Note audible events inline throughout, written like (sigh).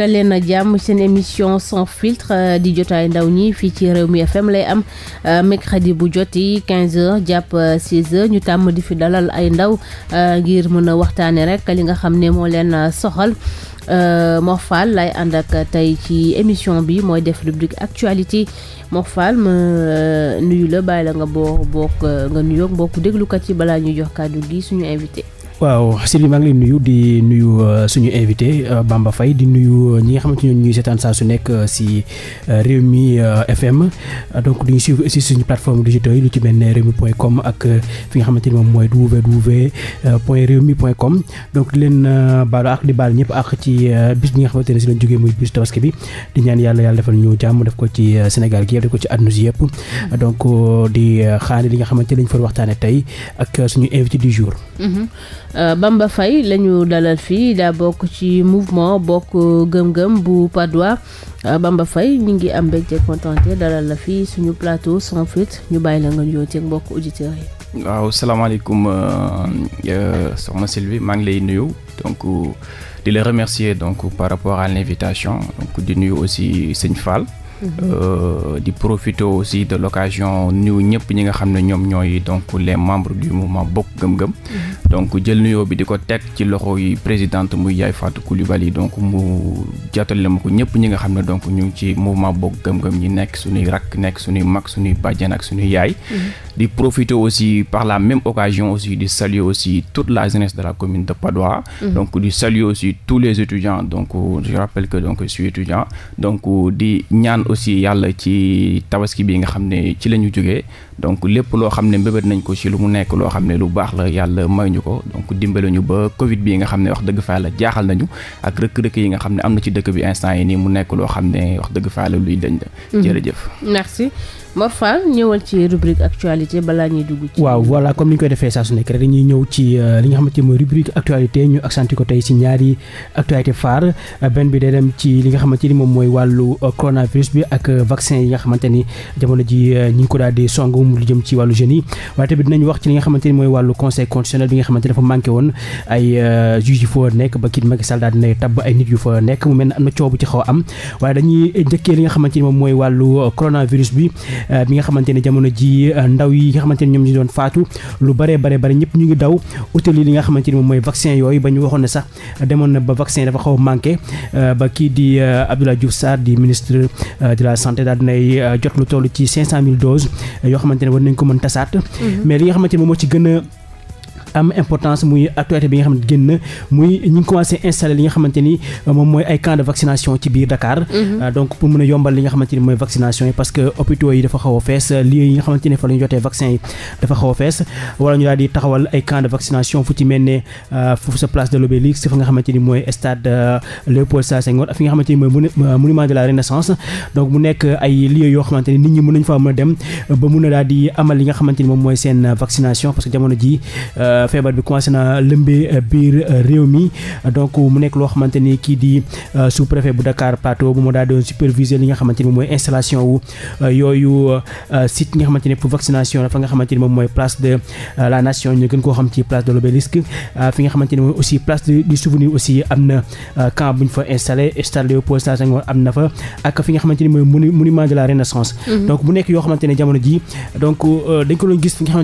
daleen na jàmm seen émission sans filtre euh, di ay ndaw ñi fii ci réew mi FM lay am euh, mercredi bu joti 15 heures jàpp 16 euh, heures ñu tàmm di fi dalal ay ndaw ngir mën a waxtaane rek li nga xam ne moo leen soxal Mor Fall lay ànd ak tey ci émission bi mooy def rubrique actualité Mor Fall ma nuyu la bàyyi la nga boo bokk nga nuyoog mbokku déglukat yi balaa ñuy jox kàddu gi suñu invité waaw Sylvie maa ngi lay nuyu di nuyu euh, suñu invité euh, Bamba fay di nuyu euh, ñi nga xamante ñoom ñuy seetaan saa su nekk si Rewmi FM donc di ñu suivre aussi suñu plateforme digitale lu ci mel ne rewmi point com nga xamante ni moom mooy www point rewmi point com donc di leen baalu ak di baal ñëpp ak ci bis bi nga xamante ne si lañ jógee muy bis bi di ñaan yàlla yàlla defal ñu jàmm def ko ci Sénégal gi yëpp def ko ci àdduna si yëpp donc di xaani li nga xamante lañ fa waxtaane tey ak suñu invité di jour mm-hmm. Euh, Bamba Faye la ñu dalal fii daa bokk ci mouvement bokk gëm-gëm bu Padois euh, Bamba fay ñu ngi am mbégte contenté dalal la fii suñu plateau sans filtre ñu bàyyi la nga nuyoo ci mbokk auditeurs yi. waaw salaamaaleykum euh, soxna Sylvie maa ngi lay nuyu donc di la remercier donc par rapport à l'invitation donc di nuyu aussi sëñ Fall. Euh, di profiter aussi de l'occasion nuyu ñëpp ñi nga xam ne ñoom ñooy donc les membres du mouvement Bokk Gëm Gëm mhm. donc jël nuyoo bi di ko teg ci loxo yi présidente muy Yaay Fatou yi donc mu jàttale ma ko ñëpp ñi nga xam ne donc ñu ngi ci mouvement Bokk Gëm Gëm ñi nekk suñuy rakk nekk suñuy mag suñuy bàjjan ak suñuy yaay mhm. di profiter aussi par la même occasion aussi di saluer aussi toute la jeunesse de la commune de Patte d'Oie mm -hmm. donc di saluer aussi tous les étudiants donc euh, je rappelle que donc je suis donc euh, di ñaan aussi yàlla ci tabaski bi nga xam ne ci la ñu jógee donc lépp loo xam ne mbébét nañ ko ci lu mu nekk loo xam ne lu baax la yàlla may ñu ko donc dimbale ñu ba Covid bi nga xam ne wax dëgg fa yàlla jaaxal nañu ak rëkk-rëkk yi nga xam ne am na ci dëkk bi instant yi nii mu nekk loo xam ne wax dëgg fa yàlla luy dañ mhm. jërëjëf Mor Fall ñëwal ci rubrique actualité balaa ñuy dugg ci. waaw voilà comme ni ñu koy defee saa su nekk rek dañuy ñëw ci euh, li nga xamante ni mooy rubrique actualité ñu accentué ko tey si ñaari actualité phare euh, benn bi day dem ci li nga xamante ni moom mooy wàllu euh, coronavirus bi ak vaccin yi nga xamante ni jamono ji ñi ngi ko daal di song mu lu jëm ci wàllu jeunes yi waaye tamit wax ci li nga xamante ni mooy wàllu conseil constitutionnel bi nga xamante ni dafa manqué woon ay juge yu fa nekk ba kii Macky Sall daal dina tabb ay nit yu fa nekk mu mel ne am na coow bu ci xaw am waaye dañuy njëkkee li nga xamante ni moom mooy wàllu coronavirus bi Euh, bi nga xamante ne jamono ji euh, ndaw yi nga xamante ne ñoom ñu doon faatu lu bare bare bare ñëpp ñu ngi daw utali li nga xamante ni mooy vaccin yooyu ba ñu waxoon ne sax demoon na ba vaccin dafa xaw manqué euh, ba kii di Abdoulaye Diouf Sarr di ministre de la santé daal jot lu toll ci 500 000 doses yoo xamante ne war nañ ko mën tasaat mhm. mais li nga xamante ne moom ci gën am importance muy actualité bi nga xam ne génn muy nga xamante ni moom mooy ay camp de vaccination ci biir Dakar mhm. euh, donc pour mën a yombal li nga xamante ni mooy vaccination yi parce que hôpitaux yi dafa xaw a fees lieux yi nga xamante ni fa a fees euh, ni mooy stade euh, Léopold Sédar Senghor ak fi nga xamante ni mooy monument de la Renaissance donc mu nekk ay lieux yoo xamante ni nit ñi mën nañ fa mën a dem ba mën a daal amal li nga xamante ni moom mooy seen vaccination parce que jamono ji feebar bi commencé na lëmbee biir réew mi donc mu nekk loo xamante ni kii di sous préfet bu Dakar Plateau bu daal doon superviser li nga xamante ni moom mooy installation wu yooyu site yi nga xamante ni moom mooy place de la nation ñu gën koo xam ci place de l'obélisque fi nga xamante ni mooy am na fa installé fi nga xamante ni mooy monument de la renaissance donc mu nekk yoo xamante ne jamono ji fi nga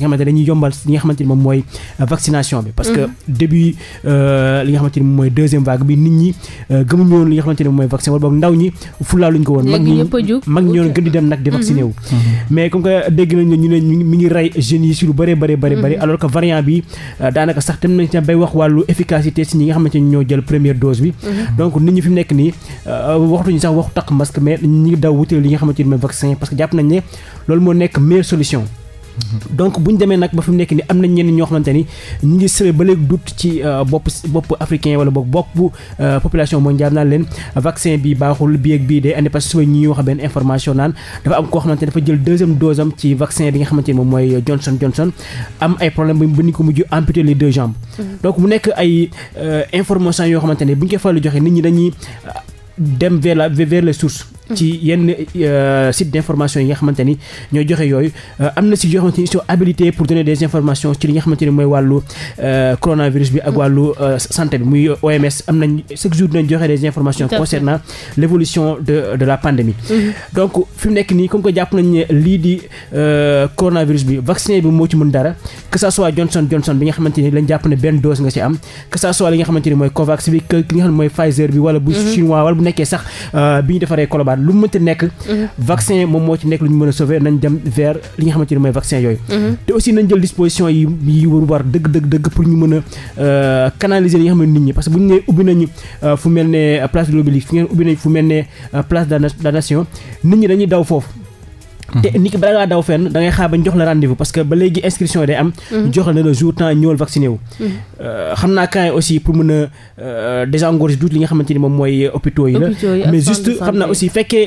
xamante ni dañuy yombal li nga xamante ni moom mooy vaccination bi parce que mhm. début euh, li nga xamante ni mooy deuxième vague bi nit ñi euh, gëmuñu woon li nga xamante ni mooy vaccin wala boog ndaw ñi fulaaluñ ko woon mag ñi mag ñi ñoon gën di dem nag di mhm. vacciné wu mhm. mais comme ne mi ngi rey jeunes yi si lu bëree bare bëri bëri alors que variant bi euh, daanaka sax dem nañ ci bay wax wàllu efficacité si ñi nga xamante ni ñoo jël première dose bi donc nit ñi fi nekk nii waxtuñu sax waxu takk masque mais ñi ngi daw wutee li nga xamante ni mooy vaccin parce que jàpp nañ ne moo nekk meilleure solution donc buñ demee nag ba fi mu nekk ni am nañ ñenn ñoo xamante ni ñu ngi sëwe ba léegi dut ci euh, bopp bopp africain wala boog bopp euh, population mondial naan leen vaccin bi baaxul bii ak bii de andi parce que suba ñuy benn information naan dafa am koo xamante ne dafa jël deuxième dose ci vaccin bi nga xamante ni moom mooy Johnson Johnson am ay problème ba ni ko mujj amputé les deux jambes mm-hmm. donc mu nekk ay euh, information yoo xamante ne bu ñu koy faral joxe nit ñi dañuy dem vers la vers les ci yenn euh, site d'information yi nga xamante ni ñooy joxe yooyu euh, am na si yoo xamante ni ils sont habilités ci li nga xamante ni mooy wàllu euh, coronavirus bi ak bi moo ci mën dara que ça soit Johnson Johnson bi nga xamante ni lañ jàpp ne benn dose nga ci am que ça soit li nga xamante ni mooy Covax bi que li nga xam ne mooy Pfizer bi wala bu mm-hmm. chinois wala bu nekkee sax bi ñu defaree Colobane xalaat lu mu mënti nekk mhm. vaccin moom moo ci nekk lu ñu mën a sauver nañ dem vers li nga xamante ne mooy vaccin yooyu mhm. te aussi nañ jël disposition yi yi war dëgg dëgg pour ñu mën a euh, canaliser li nga xam nit ñi parce bu ñu nee ubbi nañu euh, fu mel ne euh, place de l'Obélisque fi ngeen ubbi nañ fu mel ne place de la nit ñi dañuy daw foofu te nit ki bala ngaa daw fenn da ngay xaar bañ jox la rendez-vous parce que ba léegi inscription day am. Mhm. jox la ne jour temps ñëwal vacciné wu. Mhm. Euh, xam naa kaay aussi pour mën a euh, désengorger duut li nga xamante ni moom mooy hôpitaux yi la mais juste xam naa aussi fekkee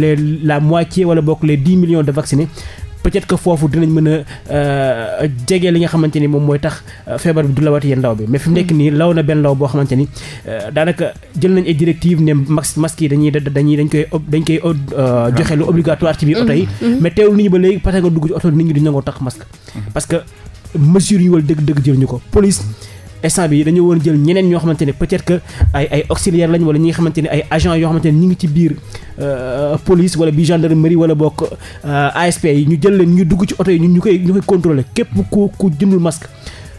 les la moitié wala bokk les dix millions de vaccinés peut-être que foofu dinañ mën a euh, jege li nga xamante ni moom mooy tax euh, feebar bi du lawati yeen law bi mais fi nekk mm-hmm. nii law na benn law boo xamante ni euh, daanaka jël nañ ay directive ne masque yi dañuy dañuy dañ koy dañ koy joxe lu ah. obligatoire ci biir oto yi mm-hmm. Mm-hmm. mais teewul nit ñi ba léegi parce que nga dugg oto nit ñi du nangoo tax masque parce que mesures yi wala dëgg-dëgg jël ñu ko police instant bi dañoo war a jël ñeneen ñoo xamante ne peut-être que ay ay auxiliaire lañ wala ñi nga xamante ni ay agent yoo xamante ne ñu ngi ci biir euh, police wala bi gendarmerie wala bokk euh, ASP yi ñu jël leen ñu dugg ci oto yi ñu koy ñu koy contrôler képp ku ku jëndul masque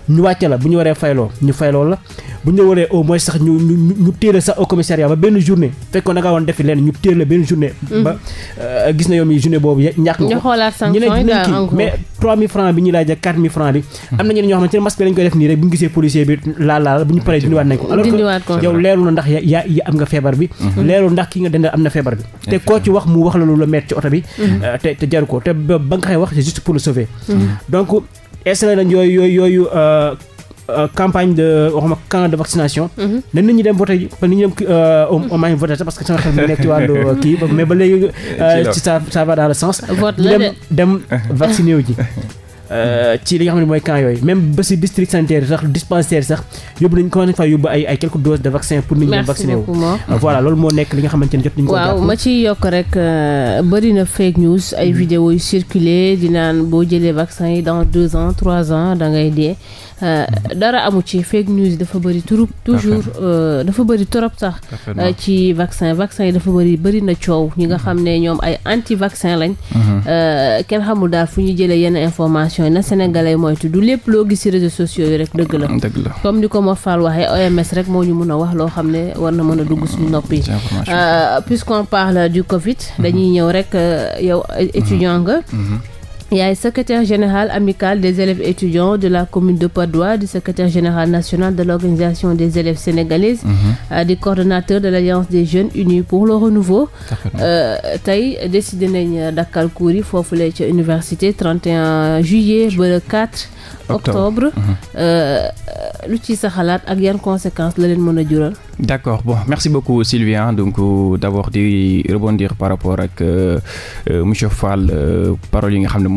ñu wàcce la bu ñu waree fayloo ñu fayloo la bu ñu waree au moins sax ñu ñu ñu téye la sax au commissariat ba benn journée fekkoon da ngaa woon defi leen ñu téye la benn journée. Mm. ba euh, gis na yow mi journée boobu ñu ne mais 3000 francs bi mm. am na ñeneen ñoo xamante ne masque bi lañ koy def nii rek bu ñu gisee policier bi laal laal bu ñu paree dindiwaat nañ ko alors que yow na ndax yaa yaa am nga feebar bi mm-hmm. leerul ndax ki nga dendal am na feebar bi te koo ci wax installé nañ yooyu yooyu yooyu euh, euh, campagne de waxuma camp de vaccination. Mhm. na nit ñi dem voté ji ba nit ñi dem euh, au parce que sama xel mi nekk ci wàllu (laughs) kii mais ba léegi. sa ça ça va dans le sens. vote la dem dem vacciné wu ji. (laughs) Euh, ci li nga xam ne mooy camp yooyu même ba si district sanitaire sax dispensaire sax yóbbu nañ commencé fa yóbbu ay ay quelques doses de vaccin pour nit ñi vacciné wu voilà loolu moo nekk li nga xamante ne waaw ma ci yokk rek euh, bëri na fake news ay hmm. vidéo yu circulé di naan boo jëlee vaccin yi dans deux ans trois ans da ngay dee Euh, dara amu ci fake news dafa bëri trop toujours euh, dafa bëri trop sax euh, ci vaccin vaccin yi dafa bëri bëri na coow ñi nga mm-hmm. xam ne ñoom ay anti vaccin lañ mm-hmm. kenn xamul daal fu ñu jëlee yenn information yi na sénégalais moytu du lépp loo gis ci réseaux sociaux yi rek dëgg la mm-hmm. comme ni ko Mor Fall waxee OMS rek moo ñu mun a wax loo xam ne war na mën a dugg suñu nopp yi puisqu'on parle du Covid dañuy ñëw rek yow étudiant nga yaay secrétaire général amical des élèves étudiants de la commune de Patte d'Oie du secrétaire général national de l'organisation des élèves sénégalaises mhm. euh, di coordonnateur de l'alliance des jeunes unis pour le renouveau euh, tey décidé nañ dakkal cours yi foofu la ca université 31 juillet ba le 4 octobre mhm. euh, lu ci sa xalaat ak yan conséquence la leen mën a jural d'accord bon merci beaucoup Sylvia donc d'abord di rebondir par rapport ak monsieur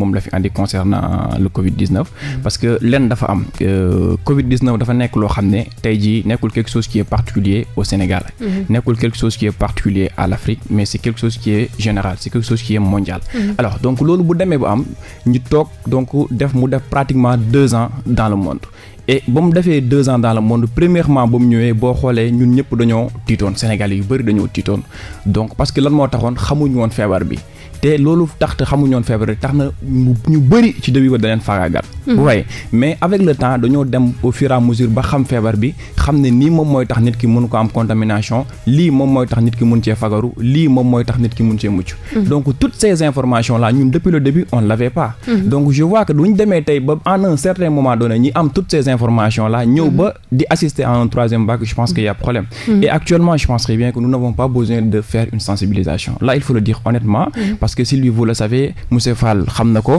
moom la fi andi concernant euh, le Covid 19. Mm-hmm. parce que lenn dafa am euh, Covid 19 dafa nekk loo xam ne tey jii nekkul quelque chose qui est particulier au Sénégal. Mm-hmm. nekkul quelque chose qui toog def mu def pratiquement ans dans le monde. et ba mu defee deux ans dans le monde premièrement ba mu ñëwee boo xoolee ñun ñëpp dañoo tiitoon Sénégal yu bëri dañoo tiitoon donc parce que lan moo taxoon xamuñu woon feebar bi. te loolu tax te xamuñoon feebar bi tax na ñu bëri ci début ba da leen faagaagal. bu hmm. waaye mais avec le temps dañoo dem au fur ba xam feebar bi xam ne nii moom mooy tax nit ki mën ko am contamination lii moom mooy tax nit ki mën cee fagaru lii moom mooy tax nit ki mën cee mucc. Hmm. donc toutes ces informations là ñun depuis le début on l'avait pas. Hmm. donc je vois que duñ demee tey ba en un certain moment donné ñi am toutes ces informations là ñëw ba di assister à parce que Sylvie vous le savez monsieur Fall xam na ko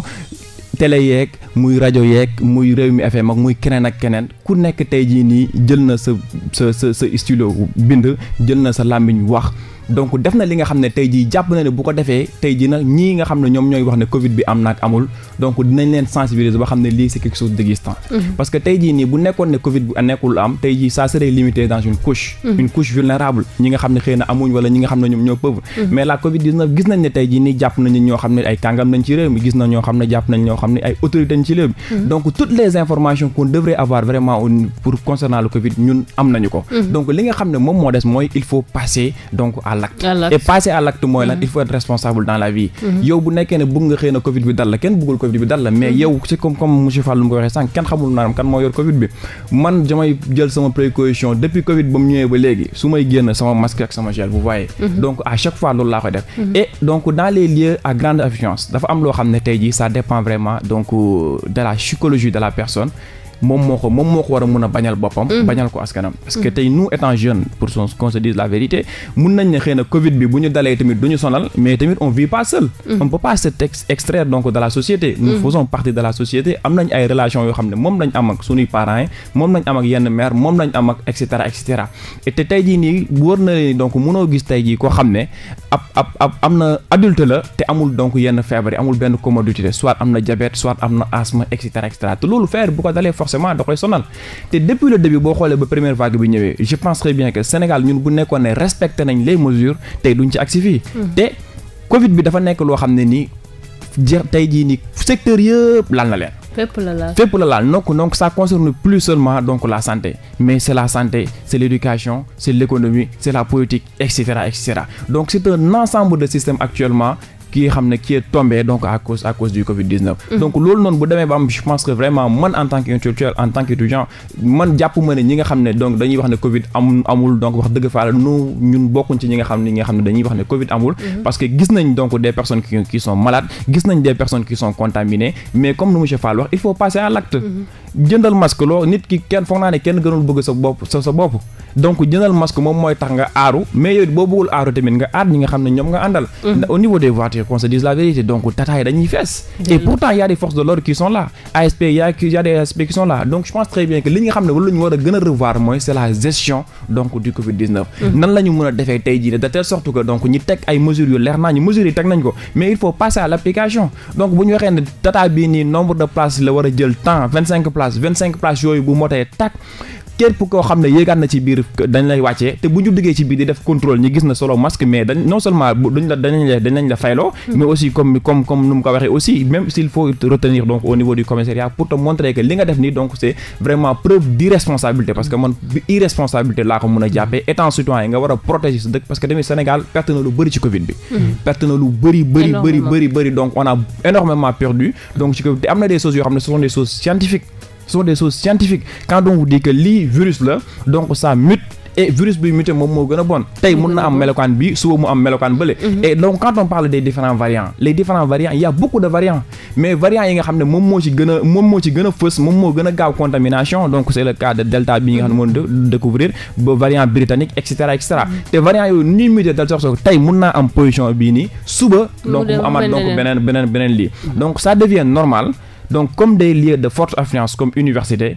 télé yeeg muy rajo yeeg muy mi FM ak muy keneen ak keneen ku nekk tey jii nii jël na sa sa sa sa stylo bind jël na sa làmmiñ wax donc def na li nga xam ne tey jii jàpp na ne bu ko defee tey jii nag ñii nga xam ne ñoom ñooy wax ne Covid bi am naag amul donc dinañ leen sensibiliser ba xam ne lii c'est quelque chose d'existant mhm. parce que tey jii nii bu nekkoon ne Covid bi nekkul am tey jii ça serait limité dans une couche mhm. une couche vulnérable ñi nga xam ne xëy na amuñ wala ñi nga xam ne ñoom ñoo pauvre mhm. mais la Covid gis nañ ne tey jii nii jàpp nañ ñoo xam ne ay kàngam nañ ci réew mi gis ñoo xam ne jàpp nañ ñoo xam ne ay am nañu ko donc moo des mooy il l'acte et passer à l'acte mooy lan mm-hmm. il faut responsable dans la vie mm-hmm. yow bu nekkee ne bëgg nga xëy na covid bi dal la kenn bëggul covid bi dal la mais mm-hmm. yow c'est comme comme monsieur Fall lu mu ko waxee sànq kenn xamul naanam kan moo yor covid bi man damay jël sama précaution depuis covid ba mu ñëwee ba léegi su may génn sama masque ak sama gel vous voyez donc à chaque fois loolu laa koy def et donc dans les lieux à grande affluence dafa am loo xam ne tey jii ça dépend vraiment donc euh, de la psychologie de moom moo ko moom moo ko war a mun a bañal boppam. Mm-hmm. bañal ko askanam parce que mm-hmm. tey nous étant jeunes pour qu'on se la vérité mun nañ ne xëy na Covid bi bu ñu dalee tamit du ñu sonal mais tamit on vit pas seul. Mm-hmm. on peut pas se extraire donc de la société. nous faisons partie de la société am nañ ay relations yoo xam ne moom lañ am ak suñuy parents moom lañ am ak yenn mère moom lañ am ak et cetera et te tey jii nii wóor na leen donc mënoo gis tey jii koo xam ne ab ab am na adulte la amul donc yenn feebar yi amul benn comorbidité soit am na diabète soit am na asthme et cetera et forcément da koy sonal te depuis le début boo xoolee ba première vague bi ñëwee je pense très bien que Sénégal ñun bu nekkoon ne respecté nañ les mesures tey duñ ci agsi fii hmm. te Covid bi dafa nekk loo xam ne nii jeex tey jii nii secteur yëpp laal na leen. fépp la laal fépp la laal donc donc ça concerne plus seulement donc la santé mais c' la santé c' est l' éducation c' économie c' la politique et cetera et donc c' est un ensemble de systèmes actuellement ki xam ne qui est donc à cause à cause du Covid 19. Mhm. donc loolu noonu bu demee ba am je pense que vraiment man en tant qu'intellectuel en tant qu'étudiant man jàpp ma ñi nga xam ne donc dañuy wax ne Covid amul donc wax dëgg faa nu ñun bokkuñ ci ñi nga xam ne ñi nga xam ne dañuy wax ne Covid amul. Mhm. parce que gis nañ donc des personnes qui qui sont gis nañ des personnes qui sont contaminées mais comme nu monsieur Fall wax il faut passer à l'acte. Mhm. jëndal masque loo nit ki kenn foog naa ne kenn gënul bëgg sa bopp sa bopp donc jëndal masque moom mooy tax nga aaru mais yow boo bëggul aaru tamit nga aar ñi nga xam ne ñoom nga àndal mm. au niveau des voitures qu'on se dise la vérité donc tataay dañuy fees et pourtant y a des de l'ordre qui sont là ASP y a y a des ASP donc je pense très bien que li nga xam ne wala ñu war a gën a revoir mooy c'est la gestion donc du Covid 19 mm. nan la places parce que man irresponsabilité laa ko mën a jàppee hmm. étant citoyen yi nga war a protéger sa dëkk parce que tamit Sénégal perte na lu bëri ci Covid bi hmm. perte na lu bëri bëri bëri bëri bëri donc on énormément perdu donc ci Covid te am na des choses yoo xam ne ce sont des choses scientifiques ce sont des choses scientifiques quand on vous dit lii virus la donc ça mute et virus bi muté moom moo gën a bon tey mun na am melokaan bi suba mu am melokaan bële mhm. et donc quand on parle des différents variants les différents variants il y nga xam ne moom moo ci gën a moom moo ci gën a moom moo gën a gaaw contamination donc c'est le cas de delta bi nga xam mhm. mhm. naa am position bii nii suba donc mu amaat donc beneen beneen beneen lii donc ça devient normal donc comme des lieux de forte affluence comme université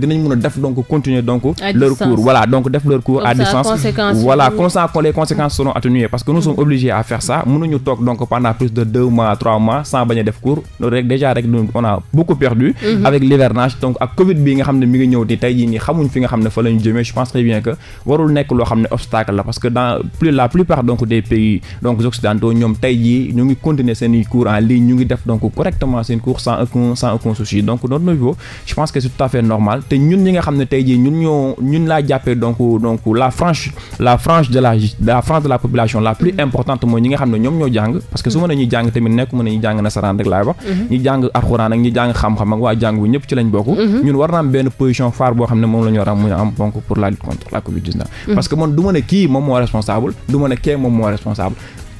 dinañ mun a def donc continuer donc leur cours voilà donc def leur cours à distance voilà comme ça les conséquences seront parce que nous sommes obligés à faire ça mënuñu toog donc pendant plus de deux mois trois mois sans bañ def cours déjà rek on a beaucoup perdu mhm. avec l'hivernage donc ak covid bi nga xam ne mi ngi ñëw di tey jii nii xamuñ fi nga xam ne fa lañu jëmee je pense très bien que warul nekk loo xam ne obstacle la parce que dans la plupart jii ñu ngi continuer seeni cours en ñu ngi def donc correctement seen cours sans aucun sans aucun souci te ñun ñi nga xam ne tey jii ñun ñoo ñun laa jàppee donc donc la frange la frange de la la frange de la population la plus mm-hmm. importante mooy ñi nga xam ne ñoom ñoo jàng parce que su mën a ñuy jàng tamit nekk mën a ñuy jàng nasaraan rek laay wax mm-hmm. ñi jàng alxuraan ak ñi jàng xam-xam ak waa jàng bu ñëpp ci lañ bokk mm-hmm. ñun war na am benn position phare boo xam ne moom la ñu war a am donc pour la lutte contre la covid parce que man du ma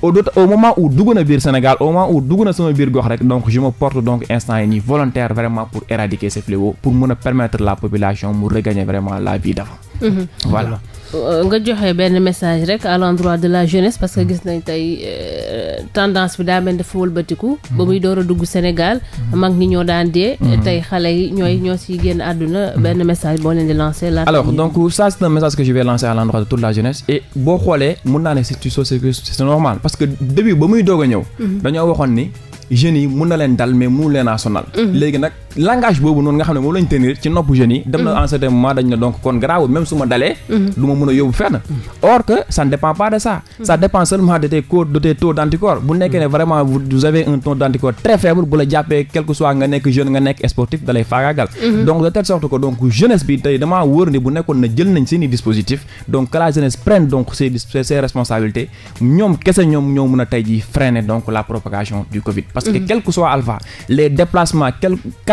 au au moment où dugg na biir Sénégal au moment où dugg na sama biir gox rek donc je me porte donc instant yi nii volontaire vraiment pour éradiquer ce fléau pour mën a permettre la population mu regagner vraiment la vie d'avant Mhm. voilà euh, nga joxe benn message rek à l'endroit de la jeunesse parce que gis nañ tey euh, tendance bi daa mel dafa wëlbatiku. Mhm. ba muy door a dugg Sénégal. Mhm. mag ñi ñoo daan dee. tey xale yi ñooy ñoo siy génn àdduna. benn message boo leen di lancer. laata alors donc ça c'est un message que je lancer à l'endroit de toute la jeunesse. et boo xoolee mun naa ne c'est c'est normal parce que début ba muy doog a ñëw. dañoo waxoon ni jeunes yi mun na leen dal mais mënu leen a léegi nag. langage boobu noonu nga xam ne moom lañ tenir ci nopp jeunes yi dem na mhm. en certain dañ ne donc kon garaaw même su dalee mhm. du mën a yóbbu fenn mhm. or que ça dépend pas de ça ça dépend seulement de tes cours de bu nekkee ne vraiment vous avez un taux d'anticorps très faible bu la jàppee quel soit nga nekk jeune nga nekk sportif dalay faagaagal donc de telle sorte que donc jeunesse bi tey damaa wóor ni bu nekkoon na jël nañ seeni dispositif donc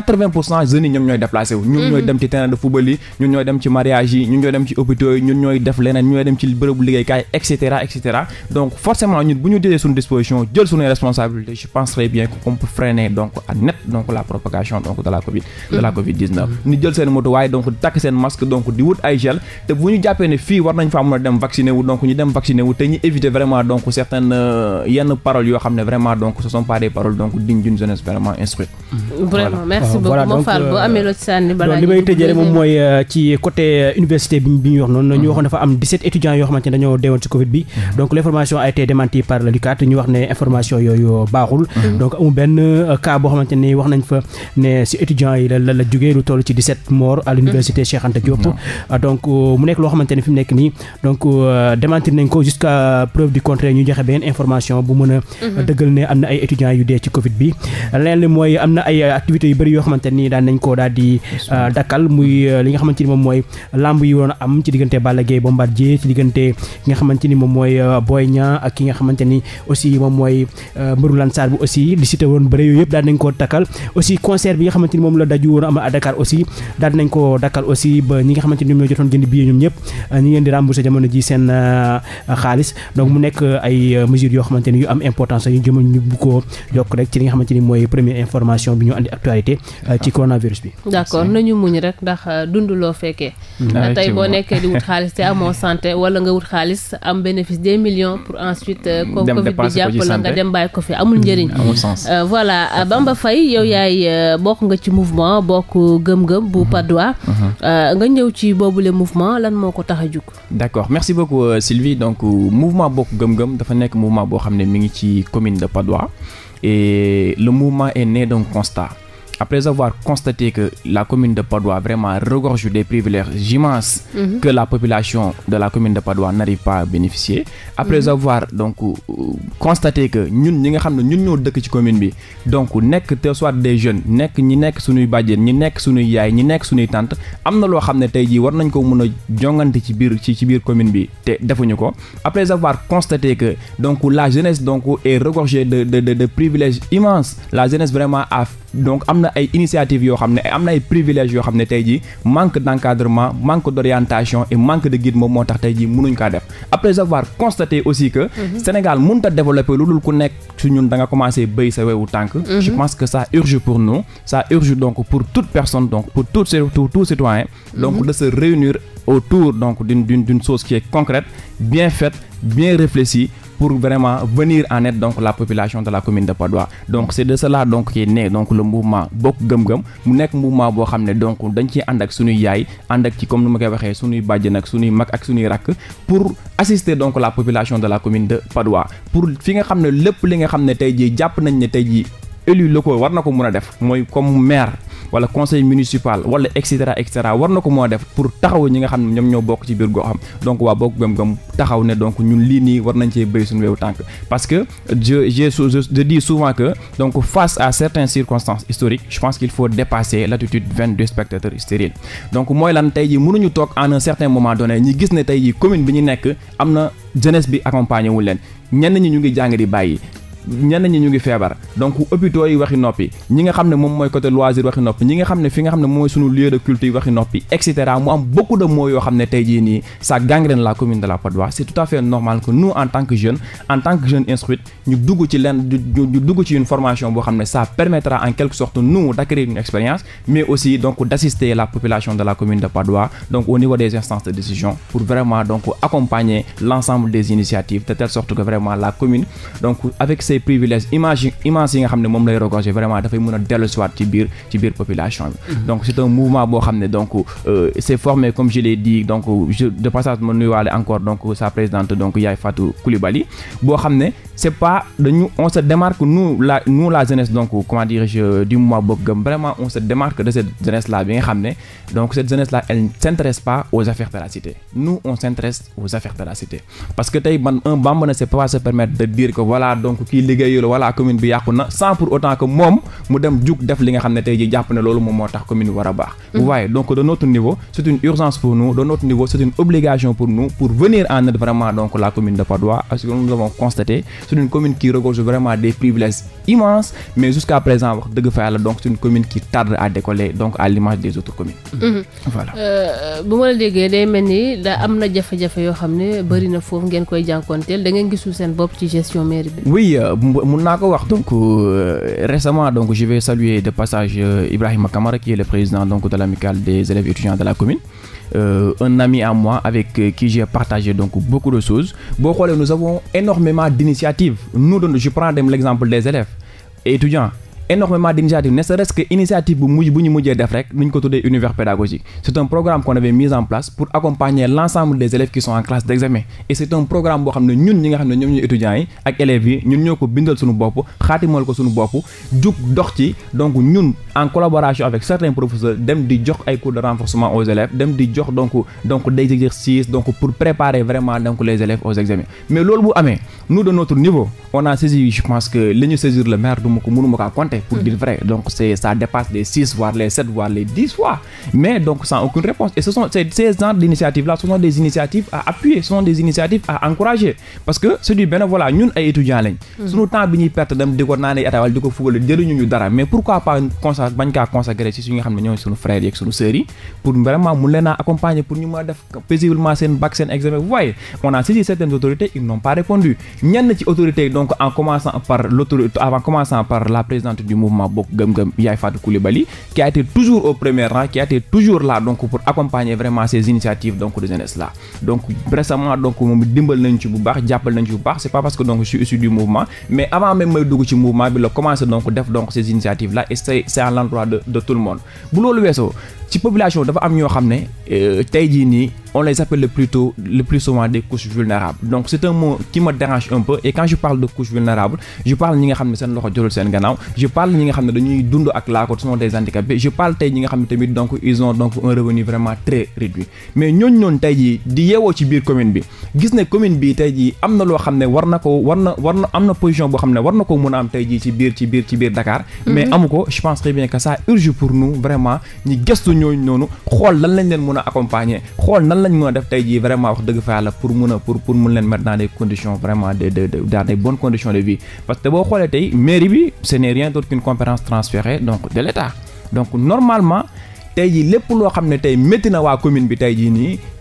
80 pour cent jeunes yi ñoom ñooy déplacé wu ñun ñooy mhm. dem ci terrain de football yi ñun ñooy dem ci mariage yi ñun ñooy dem ci hôpitaux yi ñun ñooy def leneen ñooy dem ci bërëbu liggéeykaay et cetera et cetera donc forcément ñun bu ñu jëlee suñu disposition jël suñuy responsabilité je pense très bien qu'on peut freiner donc à net donc la propagation donc de covid de mhm. covid 19 mhm. jël seen moto waaye donc takk seen masque donc di wut ay gel te bu ñu jàppee ne fii war nañ fa mën a dem vacciner ñu dem vacciner wu te ñu éviter vraiment donc certaines euh, yenn paroles yoo xam ne vraiment donc ce sont pas des paroles merci beaucoup Mame Fall boo euh, amee loo ci sànni balaa li may tëjee moom mooy euh, ci côté euh, université bi bi ñu wax noonu ñu mhm. waxoon dafa am 17 étudiants yoo xamante dañoo deewoon ci Covid bi mhm. donc a mu nekk loo xamante ne nekk nii donc démentir nañ ko jusqu'à preuve du contraire ñu joxe benn information bu mën a mhm. dëggal ne am na ay étudiants yu dee ci Covid bi leneen li mooy am na ay activités yu bëri yoo xamante ni daan nañ koo daal di euh, dakkal muy euh, li nga xamante ni moom mooy lamb yi woon am ci diggante Balla Gaye Bombardier ci diggante ki nga xamante ni moom mooy euh, Boy Niang ak ki nga xamante ni aussi moom mooy mbëru lansaar woon bëre yooyu yëpp daan nañ koo dakkal aussi concert bi nga xamante ni moom la daj woon am à Dakar aussi daan nañ koo dakkal aussi ba ñi nga xamante ni ñoom ñoo jotoon jënd billet ñoom ñëpp ñi ngi leen di rembourser jamono ji seen xaalis donc mu nekk ay mesures yoo xamante ni yu am importance ni mooy première information bi ñu andi Euh, ci coronavirus bi. d'accord nañu muñ rek ndax euh, dund loo fekkee. Mm. tey boo nekkee di wut xaalis te amoo santé wala nga wut xaalis am bénéfice des millions pour ensuite. Euh, ko Covid bi jàpp la nga dem bàyyi ko fi amul njëriñ. Mm, amul sens voilà Bamba fay yow mm. yaay bokk nga ci mouvement bokk gëm-gëm bu mm-hmm. Padois. Mm-hmm. nga ñëw ci boobule mouvement lan moo ko tax a jug. d'accord merci beaucoup Sylvie donc mouvement bokk gëm-gëm dafa nekk mouvement boo xam ne mi ngi ci commune de Padois et le mouvement est après avoir constaté que la commune de Padoue vraiment regorge des privilèges immenses mmh. que la population de la commune de Padoue n'arrive pas à bénéficier après mhm. avoir donc euh, constaté que ñun ñi nga xam ne ñun ñoo dëkk ci commune bi donc nekk te soit des jeunes nekk ñi nekk suñuy bàjjen ñi nekk suñuy yaay ñi nekk suñuy tant am na loo xam ne tey jii war nañ ko mën a jongante ci biir ci ci biir commune bi te defuñu ko après avoir constaté que donc la jeunesse donc est regorgée de de de, de privilèges immenses la jeunesse vraiment a donc am na ay initiative yoo xam ne am na ay privilèges yoo xam ne tey jii manque d' encadrement manque d' orientation et manque de guide moom moo tax tey ji mënuñ kaa def après avoir constaté aussi que mhm. Sénégal mënut a développé lu dul ku nekk su ñun da nga commencé béy sa wewu tànk mhm. je pense que ça urge pour nous ça urge donc pour toute personne donc pour tout surtout tout citoyen mhm. donc de se réunir autour donc d'une d'une chose qui est concrète bien faite bien réfléchie pour vraiment venir en aide donc la population de la commune de Patte donc c'est de cela donc qui est né donc le mouvement Bokk Gëm Gëm mu nekk mouvement boo xam ne donc dañ ci ànd ak suñuy yaay ànd ak ci comme ni ma koy waxee suñuy bàjjen ak suñuy mag ak suñuy rakk pour assister donc la population de la commune de Patte pour fi nga xam ne lépp li nga xam ne tey jii jàpp nañ ne tey jii élus ko war na ko mën a def mooy comme maire wala conseil municipal wala et cetera et cetera war na ko moo def pour taxaw ñi nga xam ne ñoom ñoo bokk ci biir goo xam donc waa bokk gëm-gëm taxaw ne donc ñun lii nii war nañ cee béy suñu weewu tànk parce que je je je dis souvent que donc face à certaines circonstances historiques je pense qu'il faut dépasser l'attitude vaine du spectateur stérile donc mooy lan tey ji mënuñu toog en un certain moment donné ñi gis ne tey ji commune bi ñu nekk am na jeunesse bi accompagné wu leen ñenn ñi ñu ngi jàng di bàyyi ñenn ñi ñu ngi feebar donc hôpitaux yi waxi noppi ñi nga xam ne moom mooy côté loisir waxi noppi ñi nga xam ne fi nga xam ne mooy sunu lieu de culte yi waxi noppi et cetera mu am beaucoup de mots yoo xam ne tey jii nii ça gangrène la commune de la Patte c'est tout à fait normal que nous en tant que jeunes en tant que jeunes instruits ñu dugg ci lenn ñu dugg ci une formation boo xam ne sa permettra en quelque sorte nous d'acquérir une expérience mais aussi donc d'assister la population de la commune de Patte d'Oie donc au niveau des instances de décision pour vraiment ses privilèges image image yi nga xam ne moom lay recorger vraiment dafay mën a dellu siwaat ci biir population bi mhm. donc c'est un mouvement boo xam ne donc euh, sa présidente donc Yaay Fatou Koulibaly boo xam ne c'est pas dañu on se démarque nous la jeunesse donc comment dirais on se démarque de cette jeunesse là bi nga xam ne donc cette jeunesse là elle ne s'intéresse pas aux affaires de la cité nous on s'intéresse aux affaires parce que tey man un bambara ne pas se permettre de dire que liggéeyul wala commune bi yàqu na sans pour autant que moom mu dem jug def li nga xam ne tey jàpp ne loolu moom moo tax commune bi war a baax vous mm. donc de notre niveau c' une urgence pour nous de notre niveau c' une obligation pour nous pour venir en aide vraiment donc la commune de Patte parce que nous avons constaté c' commune qui regorge vraiment des privilèges immenses mais jusqu'à commune qui tarde à des autres communes mm-hmm. Mm-hmm. voilà euh, bu ma la mun naa ko wax donc euh, récemment donc je vais saluer de passage euh, Ibrahima Kamara qui est le président donc de l'amicale des élèves étudiants de la commune Euh, un ami à moi avec euh, qui j'ai partagé donc beaucoup de choses boo xoolee nous avons énormément d'initiatives nous je prends dem l'exemple des élèves et étudiants énormément d'initiatives ne serait-ce initiative bu mujj bu ñu mujjee def rek nu ñu ko tuddee univers pédagogique c'est un programme qu'on avait en place pour accompagner l'ensemble des élèves qui sont en classe d'examen et c'est un programme boo xam ne ñun ñi nga xam ne ñoom ñooy yi ak élèves yi ñun ñoo ko bindal suñu bopp xaatimal ko suñu bopp jug dox ci donc ñun en collaboration avec certains professeurs dem di jox ay cours de renforcement frappé pour dire vrai donc c'est ça dépasse les six voire les sept voire les dix fois mais donc sans aucune réponse et ce sont ce sont des initiatives à appuyer des initiatives à encourager parce que c'est du ñun ay étudiants lañ mm-hmm. suñu temps bi ñuy perte dem di ko naanee ataaya wala di ko fubale jëluñu ñu dara mais pourquoi pas bañ kaa consacré si suñu nga xam ne ñooy suñu frères yeeg suñu sœurs pour vraiment mun leen a accompagner pour ñu mën a def paisiblement seen bac seen examen du mouvement Bokk Gëm Gëm Yaay Fatou Coulibaly qui a été toujours au premier rang qui a toujours là donc pour accompagner vraiment ces initiatives donc de jeunesse là donc récemment donc moom dimbal nañ ci bu baax jàppal nañ ci bu baax c'est pas parce que donc je suis mouvement mais avant même may dugg ci mouvement bi la commencé donc def donc ces initiatives là et c'est c'est à l'endroit de de monde bu loolu weesoo ci population dafa am ñoo xam ne euh, tey jii nii on les appelle le plus tôt le plus souvent des couches vulnérables donc c'est un mot qui dérange un peu et quand je parle de couches vulnérables je parle ñi nga xam ne seen loxo jotul seen gannaaw je parle ñi nga xam ne dañuy dund ak laakoot sont des handicapés je parle tey ñi nga xam ne tamit donc ils ont donc un revenu vraiment très réduit mais ñooñu noonu tey jii di yeewoo ci biir commune bi gis ne commune am na war na ko na boo xam ne war na ko mën a ci biir ci biir ñooñu noonu xool lan lañ leen mën a accompagner xool nan lañ mën a def tey jii vraiment wax dëgg fa pour mun a pour pour mun leen mettre dans des conditions vraiment de de dans des bonnes conditions de vie parce que boo xoolee tey mairie bi ce n'est rien d'autre compétence transférée donc de donc normalement tey jii lépp loo xam ne tey métti waa commune bi tey jii nii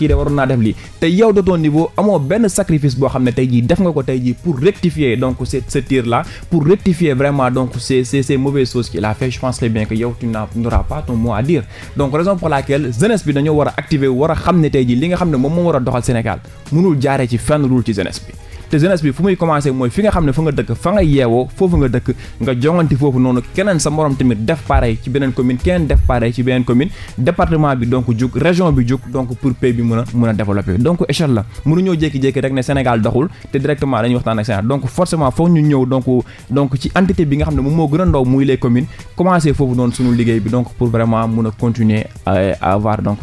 kii de waroon naa def lii te yow de ton niveau amoo benn sacrifice boo xam ne tey jii def nga ko tey jii pour rectifier donc ce ce tir là pour rectifier vraiment donc ces ces ces mauvaises choses qu'il a fait je pense très bien que yow tu n'auras pas ton mot à dire donc raison pour laquelle jeunesse bi dañoo war a activer war a xam ne tey jii li nga xam ne moom moo war a doxal Sénégal mënul jaaree ci fenn dul ci jeunesse bi te jeunesse bi fu muy commencé mooy fi nga xam ne fa nga dëkk fa nga yeewoo foofu nga dëkk nga jonganti foofu noonu keneen sa morom tamit def pareil ci beneen commune keneen def pareil ci beneen commune département bi donc jug région bi jug donc pour pays bi mën a mën a développer donc échelle la mënuñoo jékki-jékki rek ne Sénégal doxul te directement dañuy waxtaan ak Sénégal donc forcément foog ñu ñëw donc ci entité bi nga xam ne moom moo gën a ndaw muy les communes commencé foofu noonu suñu liggéey bi donc pour a continuer à avoir donc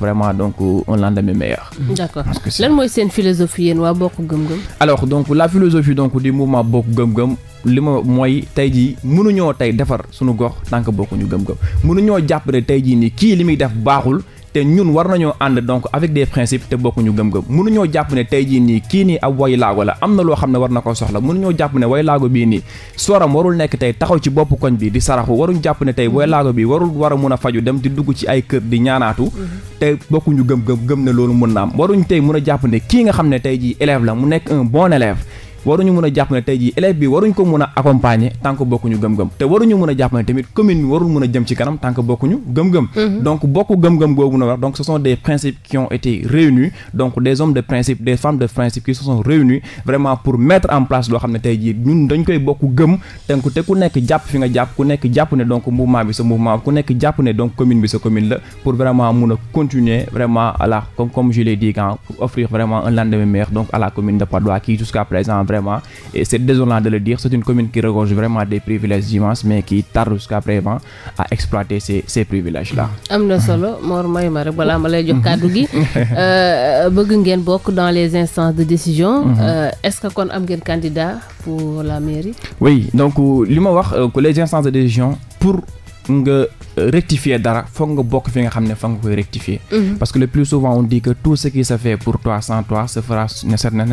la philosophie donc du mouvement bokk gëm-gëm li ma mooy tey jii mënuñoo tey defar sunu gox tant bokkuñu gëm-gëm mënuñoo jàpp ne tey jii nii kii li muy def baaxul te ñun war nañoo ànd donc avec des principes te bokkuñu gëm-gëm mënuñoo jàpp ne tey jii nii kii nii ab way laago la am na loo xam ne war na ko soxla mënuñoo jàpp ne way laago bii nii soram warul nekk tey taxaw ci bopp koñ bi di saraxu waruñ jàpp ne tey way laago bi warul war a mun faju dem di dugg ci ay kër di ñaanaatu mm-hmm. te bokkuñu gëm-gëm gëm ne loolu mën na am waruñ tey mun a jàpp ne kii nga xam ne tey jii élève la mu nekk un bon élève waruñu mën a jàpp ne tey jii élève bi waruñ ko mën a accompagner tant que bokkuñu gëm-gëm te waruñu mën a jàpp ne tamit commune bi warul a jëm ci kanam tant que bokkuñu gëm-gëm mhm. donc bokku gëm-gëm googu na wax donc ce sont des principes qui ont été réunis donc des ne tey jii ñun dañ koy bokku gëm tenku fi nga jàpp ku nekk jàpp ne donc sa ku nekk jàpp ne donc commune bi sa commune la pour vraiment mun a continuer vraiment à la commune de Patte d'Oie jusqu'à présent vraiment et c'est désolant de le dire c'est une commune qui regorge vraiment des privilèges immenses mais qui tarde jusqu'à présent à exploiter ces privilèges là. am na solo Mor may ma rek balaa ma lay jox kàddu gi (laughs) euh, bëgg ngeen bokk dans les instances de décision. Mhm. Euh, est-ce que kon am ngeen candidat pour la mairie. oui donc euh, li ma wax les instances de décision pour. nga euh, rectifier dara foog nga bokk fi nga xam ne fa nga koy rectifier mhm. parce que le plus souvent on dit tout ce qui se fait pour toi sans toi se fera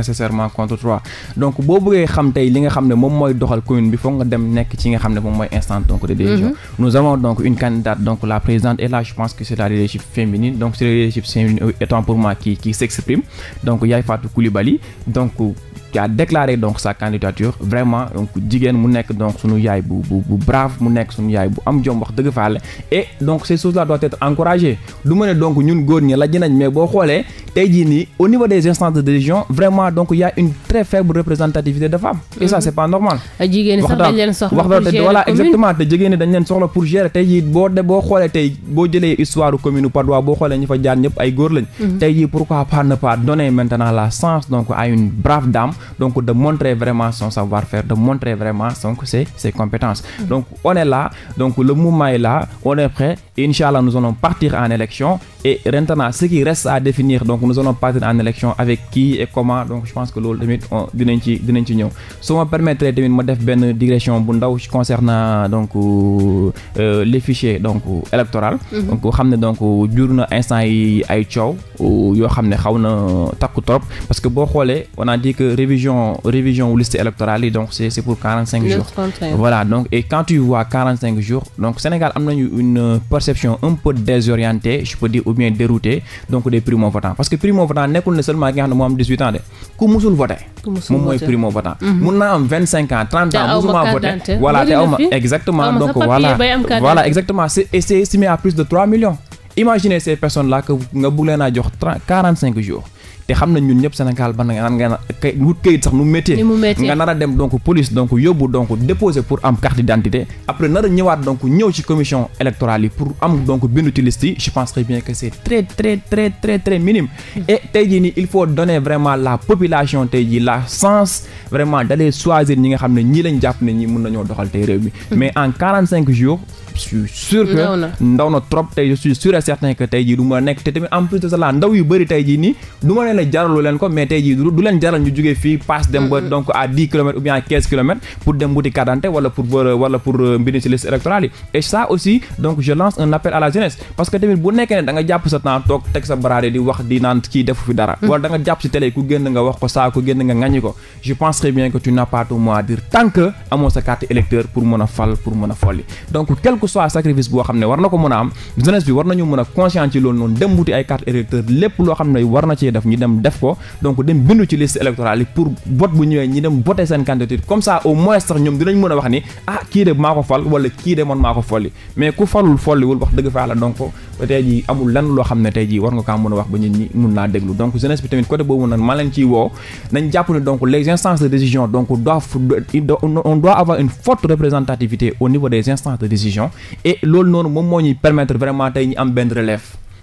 nécessairement contre toi donc boo bëggee xam tey li nga xam ne moom mooy doxal commune bi foog nga dem nekk ci nga xam ne moom mooy instant donc de décision mhm. nous avons donc une candidate donc la présidente et là je pense que c'est la leadership féminine donc c'est la leadership féminine euh, étant qui a donc sa candidature vraiment donc jigéen mu nekk donc suñu yaay bu brave mu nekk suñu yaay bu am jom wax dëgg faale et donc ces choses là donc ñun donc y une très faible représentativité de femmes et ça mhm. c' pas normal. Ah, jigéen sax exactement te jigéen ñi dañ leen soxla pour gérer tey jii boo de boo xoolee tey boo jëlee histoire commune Patte d'Oie boo xoolee ñu fa jaar ñëpp ay góor lañ. Mhm. tey jii pourquoi pas ne pas donner maintenant donc de montrer vraiment son savoir-faire, de montrer vraiment donc, ses, Donc on est donc le mouvement est là, on est prêt, et nous allons partir en élection et maintenant ce qui reste à définir, donc nous allons partir en élection avec qui et comment, donc je pense dinañ ci dinañ ci ñëw su permettre tamit ma def benn digression bu ndaw concernant donc euh, euh les fichiers donc électoral mhm. donc xam ne donc jur na instant yi ay coow euh, yoo xam ne xaw na takku trop parce que boo xoolee on a dit que révision ou liste électorale yi donc c'est pour quarante cinq jours voilà donc et quand tu vois quarante cinq jours donc Sénégal am nañu une perception un peu désorientée je peux dire ou bien déroutée donc des primo votants parce que primo votant nekkul ne seulement ki nga xam ne dix huit ans de ku musul voté moom mooy primo votant mhm. mun naa am vingt cinq ans trente ans musuma voilà te awma exactement donc voilà exactement c'est estimé à plus de trois millions a te xam nañ ñun ñëpp Sénégal ban nga naan nga kay wut kayit sax nu métier nga nar a dem donc police donc yóbbu donc déposer pour am carte d'identité après nar a ñëwaat donc ñëw ci commission électorale yi pour am donc bindu ci liste yi je pense très bien que c'est très très très très très minime et tey jii nii il faut donner vraiment la population tey jii la chance vraiment d'aller choisir ñi nga xam ne ñii lañ jàpp ne ñi mën nañoo doxal tey réew mi hmm. mais en quarante cinq jours je suis sûr que ndaw na trop tey je suis sûr et certain que tey jii du ma nekk te tamit en plus de cela ndaw yu bëri tey jii nii du ma ne jaralu leen ko mais tey jii du leen jaral ñu jógee fii paas dem ba mm-hmm. donc à dix kilomètres ou bien quinze kilomètres pour dem wuti carte d'identité pour euh, bu nekkee ne da jàpp sa temps toog teg sa baraade di wax di naan kii defu fi dara wala da nga jàpp ci télé ku génn nga wax ko saa ku génn nga ŋàññi ko je pense très que tu n'as pas ton mot à sa carte électeur pour mën a fal pour mën a folli donc quel que sacrifice boo xam ne war dem def ko dem bindu ci liste électorale yi pour vote bu ñëwee ñi dem voter seen candidature comme ça au moins ñoom dinañ mën a wax ni ah kii de maa ko fal wala kii de man maa ko folli mais ku falul folliwul wax dëgg fa la donc tey jii amul lan loo xam ne tey jii war nga kaa mën a wax ba nit ñi mun naa déglu donc jeunesse bi tamit côté boobu nag maa leen ciy nañ jàpp ne donc les instances de décision donc doivent on doit avoir une forte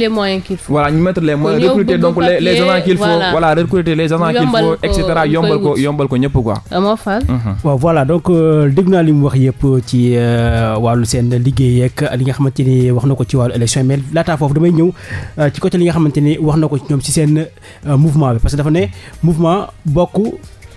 les moyens qu'il faut. voilà ñu mettre les moyens qu'il faut voilà yombal ko yombal ko ñëpp quoi. amoo mhm. voilà donc euh, dégg naa li mu wax yëpp ci euh, wàllu seen liggéey yeeg li nga xamante ni wax na ko ci wàllu élection mais laataa foofu damay ñëw euh, ci côté li nga xamante ni wax na ko ci ñoom ci seen mouvement bi parce dafa ne mouvement bokk.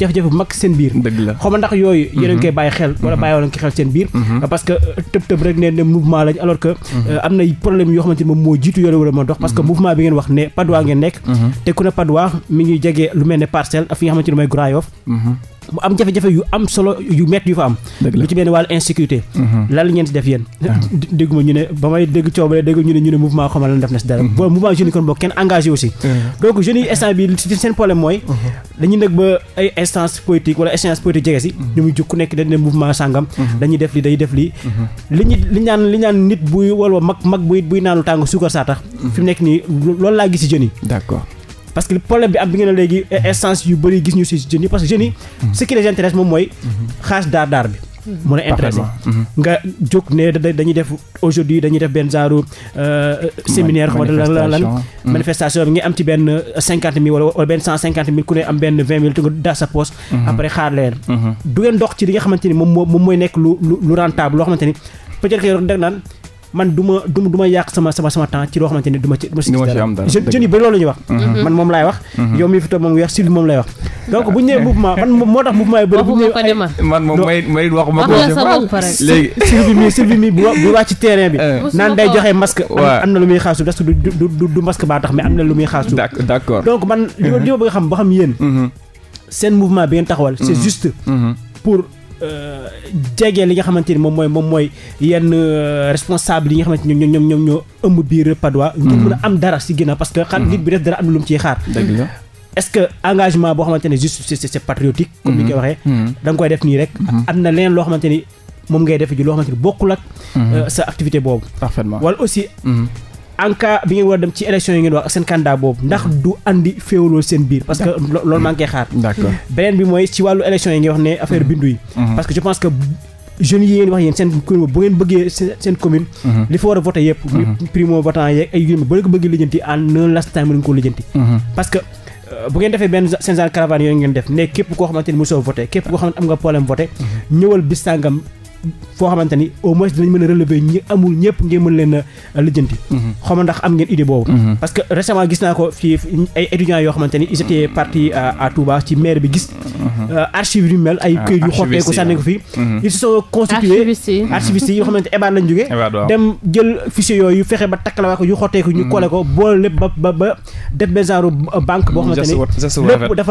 jafe-jafe bu mag seen biir xaw ndax yooyu mhm. yéen koy bàyyi xel wala mhm. bàyyi wala ko xel seen biir mhm. parce euh, tëb tëb rek ne ne mouvement alors que euh, am na problème yoo xamante ne moo jiitu yooyu war a dox parce que mouvement ngeen wax ne Patte ngeen nekk te ku ne Patte d'Oie ngi jege lu mel ne parcelle ak fi nga xamante ne mooy mu am jafe-jafe yu am solo yu metti yu fa am lu ci mel ni insécurité mhm. lan la ngeen def yéen ah. (laughs) dégguma ñu ne ba may dégg coobale dégg ñu ne ñu ne mouvement xamal lan def na si dara mhm. bo eh. mooy mhm. dañuy nag ba ay instance politique wala instance politique jege si ñu muy jóg ku nekk dañ ne mouvement sàngam dañuy def li day def li li ñu li ñaan li ñaan nit buy wala mag mag buy buy naanu tàng suukar saa tax fi mu nekk nii loolu laa gis si jeunes parce que problème bi am bi ngeen léegi instance yu bëri gis ñu si jeunes yi parce que jeunes yi mhm. ce qui les intéresse moom mooy xaas daar daar bi mu mhm. la intéressé mhm. nga jóg ne dañuy def aujourd'hui dañuy def benn genre euh, séminaire xaw ma lan manifestation bi nga am ci benn cinquante mille benn cent cinquante mille ku ne am benn vingt mille te nga daal sa poste après xaar leen du ngeen ci li nga xamante ni moom moo moom mooy nekk lu lu rentable loo xamante man du ma du ma yàq sama sama sama temps ci loo xamante ne du ci du ma si jeunes yi ba loolu la wax mhm. man moom laay wax mhm. yow mii fi toog moom ngi wax moom lay wax donc bu ñu nee mouvement moo tax mouvement yi bëri bu ñu man moom may may waxuma ko léegi Sylvie mii ci terrain bi eh. naan day joxe masque am na lu muy xaasu parce du du baa tax mais am na lu muy xaasu d'accord man li ma bëgg a xam ba xam yéen mhm. seen mouvement bi ngeen taxawal c'est juste pour jege li nga xamante ni moom mooy moom mooy yenn euh, responsable yi nga xamante ni ñoom ñoom ñoom ñoo ëmb biir Padois. ngir mën hmm. a am dara si ginnaaw parce que. xam hmm. nit bi def dara am na lu mu ciy xaar. que engagement boo xamante ne juste c'est comme ni hmm. ko waxee. da nga koy def nii rek. am na leneen loo xamante ni moom ngay def ji loo xamante ni bokkul ak. Euh, sa activité boobu. parfaitement wala aussi. en ka bi ngeen war a dem ci élection yi ngeen wax ak seen candidat boobu ndax du andi féewaloo loolu maa xaar beneen bi mooy ci wàllu élection yi ngeen wax ne affaire mm-hmm. bindu yi mm-hmm. parce que je pense que jeunes yi ngeen wax yéen seen commune bu ngeen bëggee seen commune mm-hmm. li fa war a voté yëpp muy primo votant yeeg ay yuma ko bëggee lijjanti en last time lañ ko lijjanti parce que euh, bu ngeen defee benn seen genre caravane yooyu ngeen def ne képp koo xamante ni foo xamante ni au moins dinañ mën a relever ñi amul ñëpp ngeen mën leen a lijjanti. Mhm. xam ndax am ngeen idée boobu. Mhm. parce que récemment gis naa ko fii ay étudiants yoo xamante ni ils étaient mhm. partis à Touba ci maire bi gis. Euh, archive yu mel ay ah, këyit yu xottee sànni ko fii. ils se sont constitués archivistes yi yoo xamante ébaan lañ jógee. dem jël fichier yooyu fexe ba takkalawaat ko yu xottee ko ñu collé ko boole lépp ba ba ba def benn banque boo xamante lépp dafa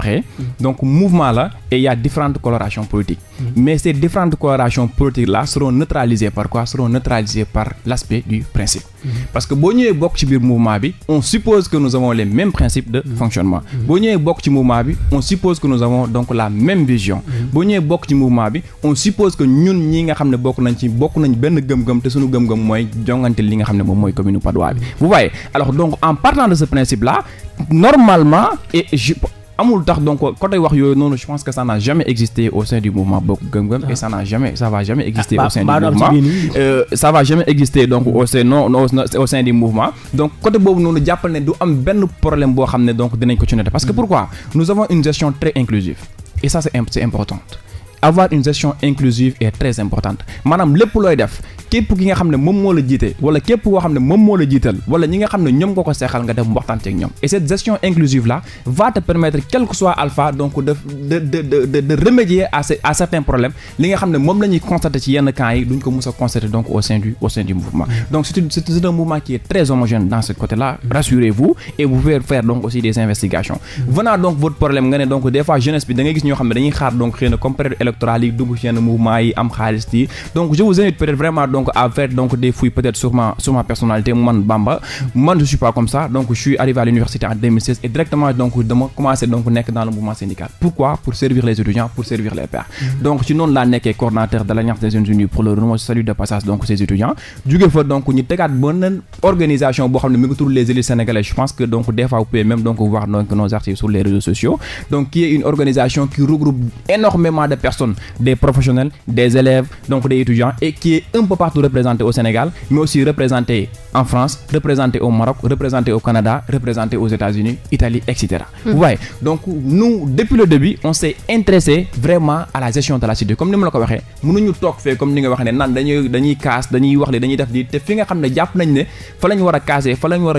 waxee mm-hmm. donc mouvement la et il y a différentes colorations politiques mm-hmm. mais ces différentes colorations politiques là seront neutralisées par quoi seront neutralisées par l'aspect du principe mm-hmm. parce que boo ñëwee bokk ci biir mouvement bi on suppose que nous avons les mêmes principes de fonctionnement boo ñëwee bokk ci mouvement bi on suppose que nous avons donc la même vision boo ñëwee bokk ci mouvement bi on suppose que ñun ñi nga xam ne bokk nañ ci bokk nañ benn gëm-gëm te suñu gëm-gëm mooy jongante li nga xam ne moom mooy commune Patte d'Oie bi vous voyez alors donc en partant de ce principe là normalement et je amul tax donc côté wax yooyu noonu je pense que ça n'a jamais existé au sein du mouvement bokk gëm-gëm et ça n'a jamais exister ah, au sein du mouvement euh, ça va jamais exister donc au sein du mouvement donc côté boobu noonu jàppal ne du am benn problème boo xam ne donc dinañ ko ci noter parce que mm-hmm. pourquoi nous avons une gestion très inclusive et ça c'est important avoir une gestion inclusive est très importante maanaam lépp looy def képp ki nga xam ne moom moo la jiite wala képp koo xam ne moom moo la jiital wala ñi nga xam ne ñoom nga ko seexal nga dem waxtaan ceeg ñoom et cette gestion inclusive là va permettre quel soit alpha donc de de à certains problèmes li nga xam ne moom la constater ci yenn camps yi duñ ko mus a constater donc au sein du au sein du mouvement donc c'est c'est un mouvement qui est très ne donc na comme électorale yi mouvement yi am xaalis yi donc je vous invite peut vraiment donc à faire peut-être sur ma man Bamba man je suis pas comme ça donc je arrivé à l'université en 2016 et directement donc dama commencé donc nekk dans le mouvement syndical pourquoi pour servir les étudiants pour servir les pairs mhm. donc ci noonu laa nekkee coordonnateur de l'Alliance des jeunes pour le renouveau salut de passage donc ces étudiants jóge fa donc ñu personnes, des professionnels, élèves, donc des étudiants, et qui est un peu partout représenté au Sénégal, mais aussi représenté en France, représenté au Maroc, représenté au Canada, représenté aux États-Unis, Italie, etc. Mmh. donc nous, depuis le début, on s'est intéressé vraiment à la gestion de la cité. Comme ni ma la ko waxee, mënuñu toog fee comme ni nga wax ne naan dañuy dañuy kaas dañuy wax ne dañuy def di te fi nga xam ne jàpp nañ ne fa lañ war a fa lañ war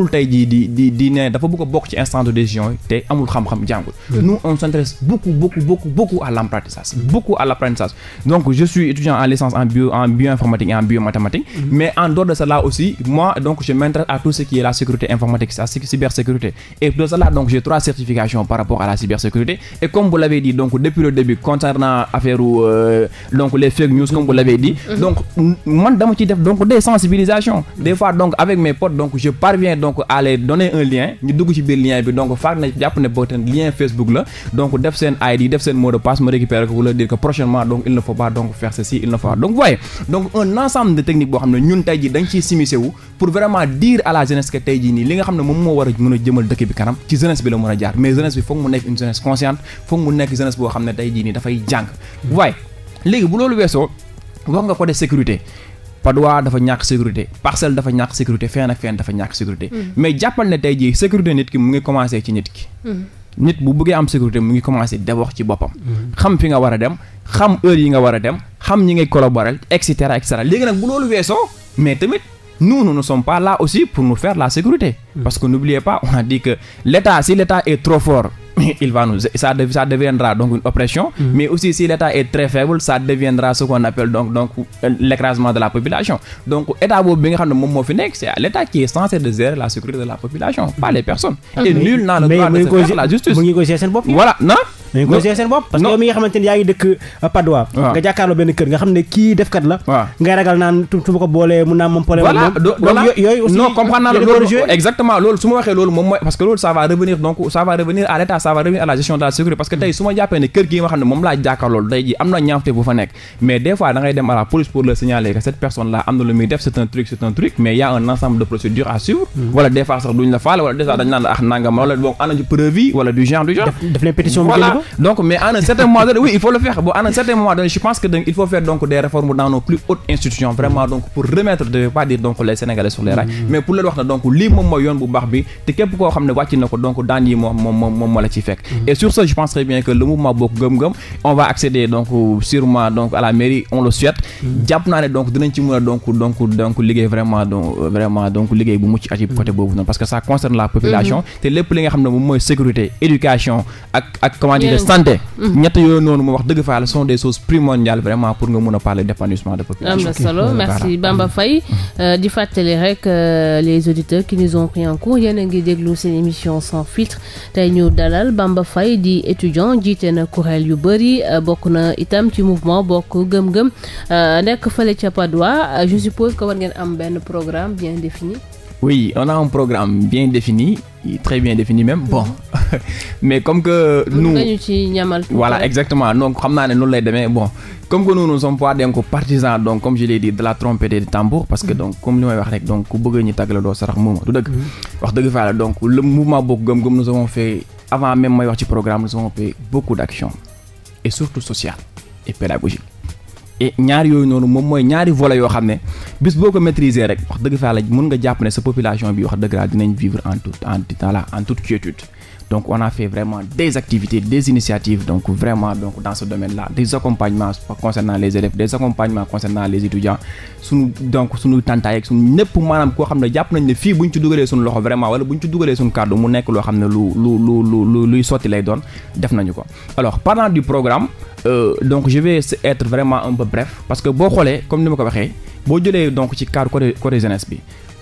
a di di dafa bëgg bokk ci instance de décision yi te amul xam-xam jàngul. nous on s'intéresse beaucoup beaucoup beaucoup beaucoup à l'apprentissage beaucoup à l'apprentissage donc je suis étudiant en licence en bio en bioinformatique et mais en dehors de cela aussi moi donc je m'intéresse à tout ce qui est la sécurité informatique cybersécurité et de cela donc j'ai trois certifications par rapport à la cybersécurité et comme vous l'avez dit donc depuis le début donné un lien ñu dugg ci biir lien bi donc faak na jàpp ne boo lien Facebook la donc def seen ID def seen mot de passe ma récupérer ko wala dire que prochainement donc il ne faut pas donc faire ceci il ne faut pas donc un ensemble de techniques boo xam ne ñun tey ji dañ ciy simisé pour vraiment dire à la jeunesse que tey ji nii li nga xam ne moom moo war a mën a jëmal dëkk bi kanam ci jeunesse bi la mën a jaar mais jeunesse bi foog mu nekk une Padois dafa ñàkk sécurité parcelle dafa ñàkk sécurité fenn ak fenn dafa ñàkk sécurité. Mm. mais jàppal ne tey jii sécurité nit ki mu ngi commencé ci nit ki. Mm. nit bu bëggee am sécurité mu ngi commencé wax ci boppam. Mm. xam fi nga war a dem xam heure yi nga war a dem xam ñi ngay collaboral et cetera et cetera léegi nag bu loolu weesoo mais tamit. nu nu nu sommes pas là aussi pour nous faire la sécurité. parce que n'oubliez pas on a dit que l'État si l'État est trop il va nous ça, de, ça deviendra donc une oppression mm. mais aussi si l'état est très faible ça deviendra ce qu'on appelle donc l'écrasement de la population donc état boobu bi nga xam ne moom moo fi l'état qui est censé de gérer la sécurité de la population pas mm. les personnes ah, et nul n'a le de se faire la justice voilà non parce que yow mi nga ni yaa ngi dëkk Padoa nga jàkkaarloo benn kër xam ne kii defkat la ngay ragal naan ma ko boolee mun naa moom problème moom yooyu aussi non comprendre ma waxee loolu moom ma jàppee ne kër gi nga xam ne moom laa jàkkaarloo tey ji am na ñaawte bu fa nekk mais des fois dem à la police pour le signaler que cette personne là am na lu muy def c'est un truc c'est mais y un ensemble de procédures à suivre mm. wala des sax duñ la faale wala des fois dañ la ax ah, nangam donc mais à un certain moment donné oui il faut le faire bon à un certain moment donné donc plus hautes institutions vraiment donc pour remettre je pas dire donc les Sénégalais sur les rails mm-hmm. mais pour leen wax na donc lii moom mooy yoon bu baax bi te képp koo xam ne wàcc na ko donc daan yi moom moom moom moo la ci fekk mm-hmm. et sur ce à la mairie on le souhaite mm-hmm. jàpp naa ne donc dinañ ci mën a donc liggéey vraiment donc liggéey bu mucc ayib côté boobu noonu parce de santé. ñett yooyu noonu mu wax dëgg faa la sont des choses primordiales vraiment pour nga mun a parler d'épanouissement de population. am na solo merci Bamba Faye mm. euh, di fàttali rek euh, les auditeurs qui nous ont pris a ngi déglu seen émission sans filtre tey ñu dalal Bamba fay di étudiant jiite na kuréel yu bëri euh, bokk na itam ci mouvement bokk gëm-gëm nekk fale ca Padois je suppose que war ngeen am benn programme bien défini. Oui, on a un programme bien défini, très bien défini même. Bon, mhm. (laughs) mais comme que nous. voilà, exactement. Donc, comme nous l'a demandé, bon, comme que nous, nous sommes pas des partisans, donc, comme je l'ai dit, de la et que, mhm. donc, comme nous avons dit, donc, nous avons fait le mouvement. Donc, le mouvement, comme nous avons fait, avant même, moi, programme, nous avons fait beaucoup surtout sociales et pédagogiques. e ñaari yooyu noonu moom mooy ñaari volets yoo xam ne bis boo ko maîtriser rek wax dëgg fa la mun nga jàpp ne sa population bi wax dëgg laa dinañ vivre en tout en tout temps là Donc on a fait vraiment des activités, des initiatives, donc vraiment donc dans ce domaine-là, des accompagnements concernant les élèves, des accompagnements concernant les étudiants suñu donc suñu tantaay ak suñu ñëpp maanaam koo xam ne jàpp nañ ne fii bu ñu ci dugalee suñu loxo vraiment wala bu ñu ci dugalee suñu kàddu mu nekk loo xam ne lu lu lu lu luy sotti lay doon def nañu ko alors parlant du programme euh, donc je vais être vraiment un peu bref parce que boo xoolee comme ni ma ko waxee boo jëlee donc ci cadre côté côté jeunesse bi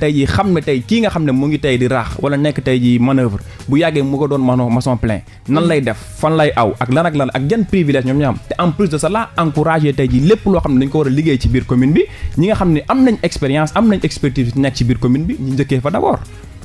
leen tey ji xam ne tey kii nga xam ne mu ngi tey di raax wala nekk tey ji manoeuvre bu yàggee mu ko doon mano maçon plein nan lay def fan lay aw ak lan ak lan ak jan privilège ñoom ñoo am te en plus de cela encouragé tey ji lépp loo xam ne dañ ko war a liggéey ci biir commune bi ñi nga xam ne am nañ expérience am nañ expertise nekk ci biir commune bi ñu njëkkee fa d'abord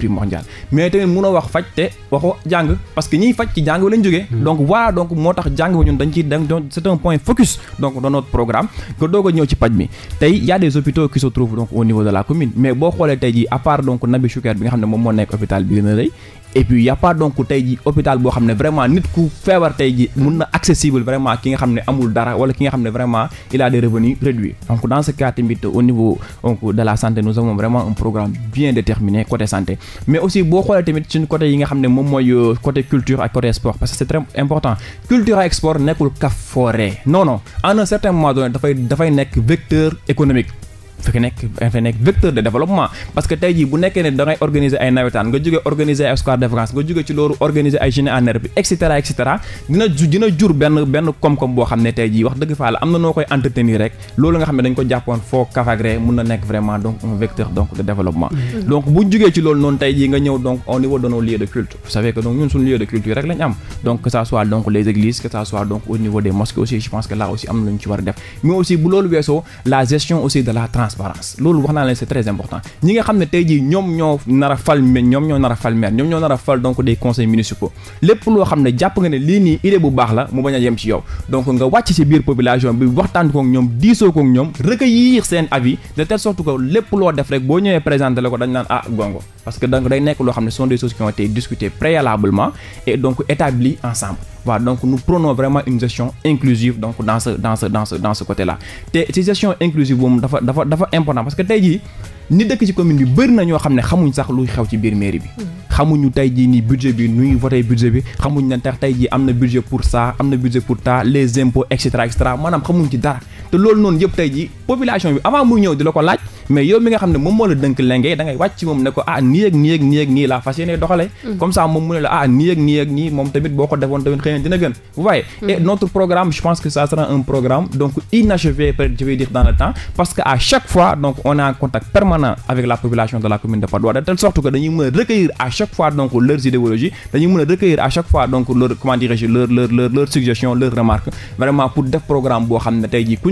primordial mais tamit munoo wax faj te waxoo jàng parce que ñiy faj ci jàng lañ jógee hmm. donc voilà donc moo tax jàng ba dañ ci dañ c'est un point focus donc dans programme nga doog a ñëw ci paj mi tey y a des hôpitaux au niveau de la commune mais boo xoolee tey ji à part donc Nabi Choucair bi nga xam ne moom moo nekk hôpital bi gën a rëy et puis y' a pas tey ji hôpital boo xam ne vraiment nit ku feebar tey ji mun na accessible vraiment ki nga xam ne amul dara wala ki nga xam ne vraiment il a des revenus réduits donc dans ce cas tamit au niveau donc de la santé nous avons vraiment un programme bien déterminé côté santé mais aussi boo xoolee tamit suñu côté yi nga xam ne moom mooy euh, côté culture ak côté sport parce que c' très important culture ak sport nekkul kafoore non non en un certain moment donné dafay dafay nekk vecteur économique fi nekk vecteur de développement parce que tey jii bu nekkee ne da organiser ay nawetaan nga jógee organiser ay square de France nga jógee ci loolu organiser ay Jeunes en herbe bi dina jur benn benn koom-koom boo xam ne tey jii wax dëgg faa la am na noo koy entretenir rek loolu nga xam ne dañ ko jàppoon foo Kafagré mun na nekk vraiment donc un vecteur donc de développement mm-hmm. donc bu jógee ci loolu noonu tey jii nga ñëw donc au niveau donc transparence loolu wax naa leen c'est très important ñi nga xam ne tey jii ñoom ñoo nar a fal ñoom ñoo nar a fal maire ñoom ñoo nar a fal donc des conseils municipaux lépp loo xam ne jàpp nga ne lii nii idée bu baax la mu bañ a yem ci yow donc nga wàcc ci biir population bi waxtaan kook ñoom diisoo kook ñoom recueillir seen avis de telle sorte que lépp loo def rek boo ñëwee présenté la ko dañ naan ah gongo parce que donc day nekk loo xam ne sont des choses qui ont été discutées préalablement et voilà donc nous prenons vraiment une gestion inclusive donc dans ce dans ce dans ce côté là te ci gestion inclusive boobu dafa dafa dafa important parce que tey jii ni dëkk ci commune bi bëri na ñoo xam ne xamuñ sax luy xew ci biir mairie bi mm-hmm. xamuñu tey jii ni budget bi nuy voté budget bi xamuñ na tax tey jii am na budget pour ça am na budget pour ça les impôts et cetera et cetera maanaam xamuñ ci dara te loolu noonu yëpp tey ji population bi avant muy ñëw di la ko laaj mais yow mi nga xam ne moom moo la dënk lenge da wàcc ci moom ne ko ah nii ak nii ak nii laa fas yéene doxale mm. comme ça moom ah moom tamit boo ko defoon tamit xëy dina gën vous voyez mm. notre programme je pense que ça dans le temps parce que à chaque fois donc on est en contact permanent avec la population de la commune de Patte d'Oie de telle sorte dañuy mën a recueillir a chaque fois donc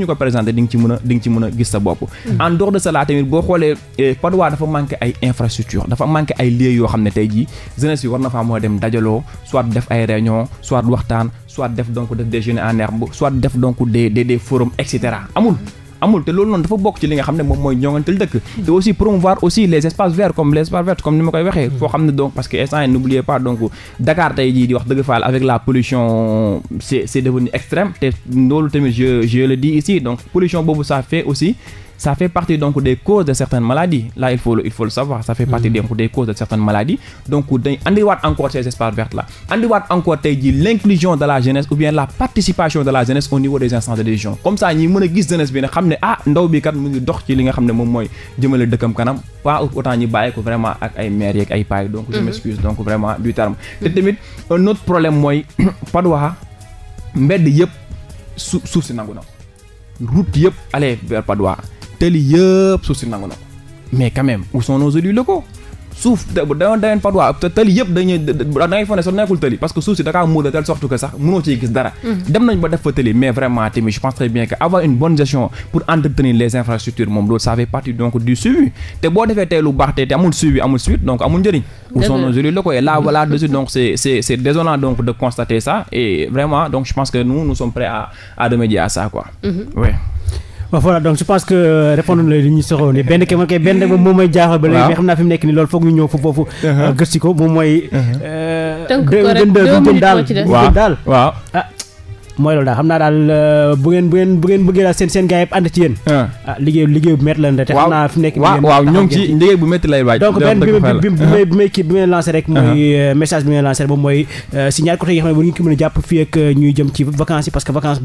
ko présenté di nga ci mën a di ci mën a gis sa bopp mm. en dehors de cela tamit boo xoolee eh, Patte d'Oie dafa manqué ay infrastructure dafa manqué ay lieux yoo xam ne tey jii jeunesse yi war na faa mën dem dajaloo soit def ay réunion soit waxtaan soit def donc def déjeuner en herbe soit def donc des des des forums et amul amul te loolu noonu dafa bokk ci li nga xam ne moom mooy ñoŋantal dëkk te aussi promouvoir aussi les espaces verts comme les espaces verts comme ni ma koy waxee foo xam ne donc parce que instant yi pas donc Dakar tey jii di wax dëgg faal avec la pollution c'est c'est extrême te loolu tamit je je le dis ici donc pollution boobu ça fait aussi ça fait partie donc des causes de certaines maladies là il faut le, il faut le savoir ça fait partie hmm. donc des causes de certaines maladies donc dañ andiwaat encore ces espaces verts là andiwaat encore tey jii l'inclusion de la jeunesse ou bien la participation de la jeunesse au niveau des instances de décision comme ça ñi mën a gis jeunesse bi ne xam ne ah ndaw bi kat mu ngi dox ci li nga xam ne moom mooy jëmale dëkkam kanam pas autant ñi bàyyi ko ay maires hmm. hmm. (clears throat) si na route yëpp aller vers Padois tëli yëpp suuf si mais quand même où sont nos élus da da ngay foog ne nekkul tëli parce que suuf si da kaa muur de telle sorte que sax mënoo ciy gis dara mm-hmm. dem nañ ba def fa tëli mais vraiment tamit je pense très bien que avoir une bonne gestion pour entretenir les infrastructures moom loolu ça fait partie donc du suivi te boo defee tey baax te te amul suivi amul suite donc amul njëriñ où sont nos élus locaux et là voilà dessus donc c'est voilà donc je pense que répondre na li ñu soxla ni benn ke man koy benn moom mooy jaaxal ba léegi mais xam naa fi nekk nii loolu foog ñu ñëw foofu uh-huh. gëstu ko moom mooy. Uh-huh. Euh, tënk ko rek deux daal waaw ah, mooy loolu daal xam naa daal euh, bu ngeen bu ngeen seen seen gars ànd ci yéen ah. Ah, liggéey bu métti la te xam naa fi nekk waaw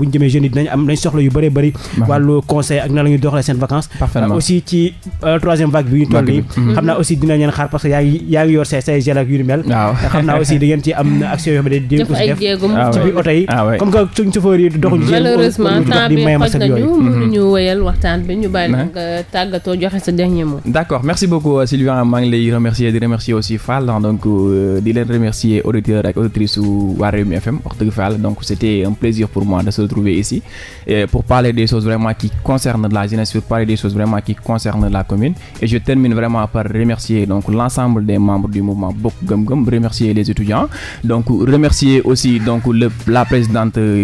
ngeen soxla yu bëree bëri ah. wàllu conseil ak na la ñuy doxalee seen vacances euh, aussi ci euh, troisième vague bi ñu toll nii mhm. xam naa aussi dina leen xaar parce yaa ngi yor say say gel ak yu ni mel xam naa aussi da ngeen ci am action yoo xam ne di def ci biir oto yi comme que suñ chauffeur yi doxuñ mhm. malheureusement temps bi xoj nañu mënuñu mhm. wéyal waxtaan bi ñu bàyyi la nga tàggatoo joxe sa dernier mot d' accord merci beaucoup euh, Sylvain maa ngi lay remercier di remercier aussi Fall donc euh, di leen remercier auditeurs ak auditrices su waa Rewmi FM wax dëgg Fall donc c' était un plaisir pour moi de se retrouver ici et pour parler des choses vraiment qui concernent la jeunesse pour parler des choses vraiment qui concernent la commune et je termine vraiment par remercier donc l' ensemble des membres du mouvement Bokk Gëm Gëm remercier les étudiants donc remercier aussi donc le la présidente euh,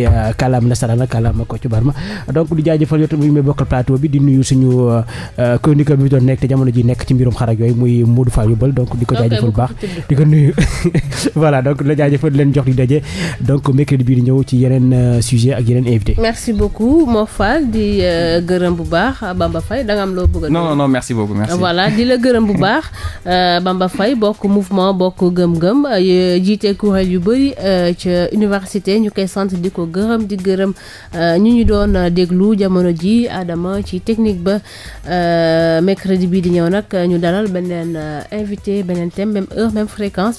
ci eh, kàllaama nasaraan ak kàllaama ko ci barma donc di jaajëfal yow tamit may bokkal plateau bi di nuyu suñu eh, chroniqueur bi doon nekk te jamono ji nekk ci mbirum xarak yooyu muy Modou Fall yóbbal donc di ko jaajëfal bu baax di ko nuyu (laughs) voilà donc la jaajëfal leen jox di daje donc mercredi bii di ñëw ci yeneen eh, sujet bu baax Bamba Faye da nga am loo bëgg a non non non merci beaucoup merci (laughs) bokk gëm-gëm jiite kuréel yu bëri ca université ñu koy sant di ko ko gërëm di gërëm euh, ñu ñu doon euh, déglu jamono ji Adama ci technique ba euh, mercredi bii di ñëw nag ñu dalal beneen invité beneen thème heure même fréquence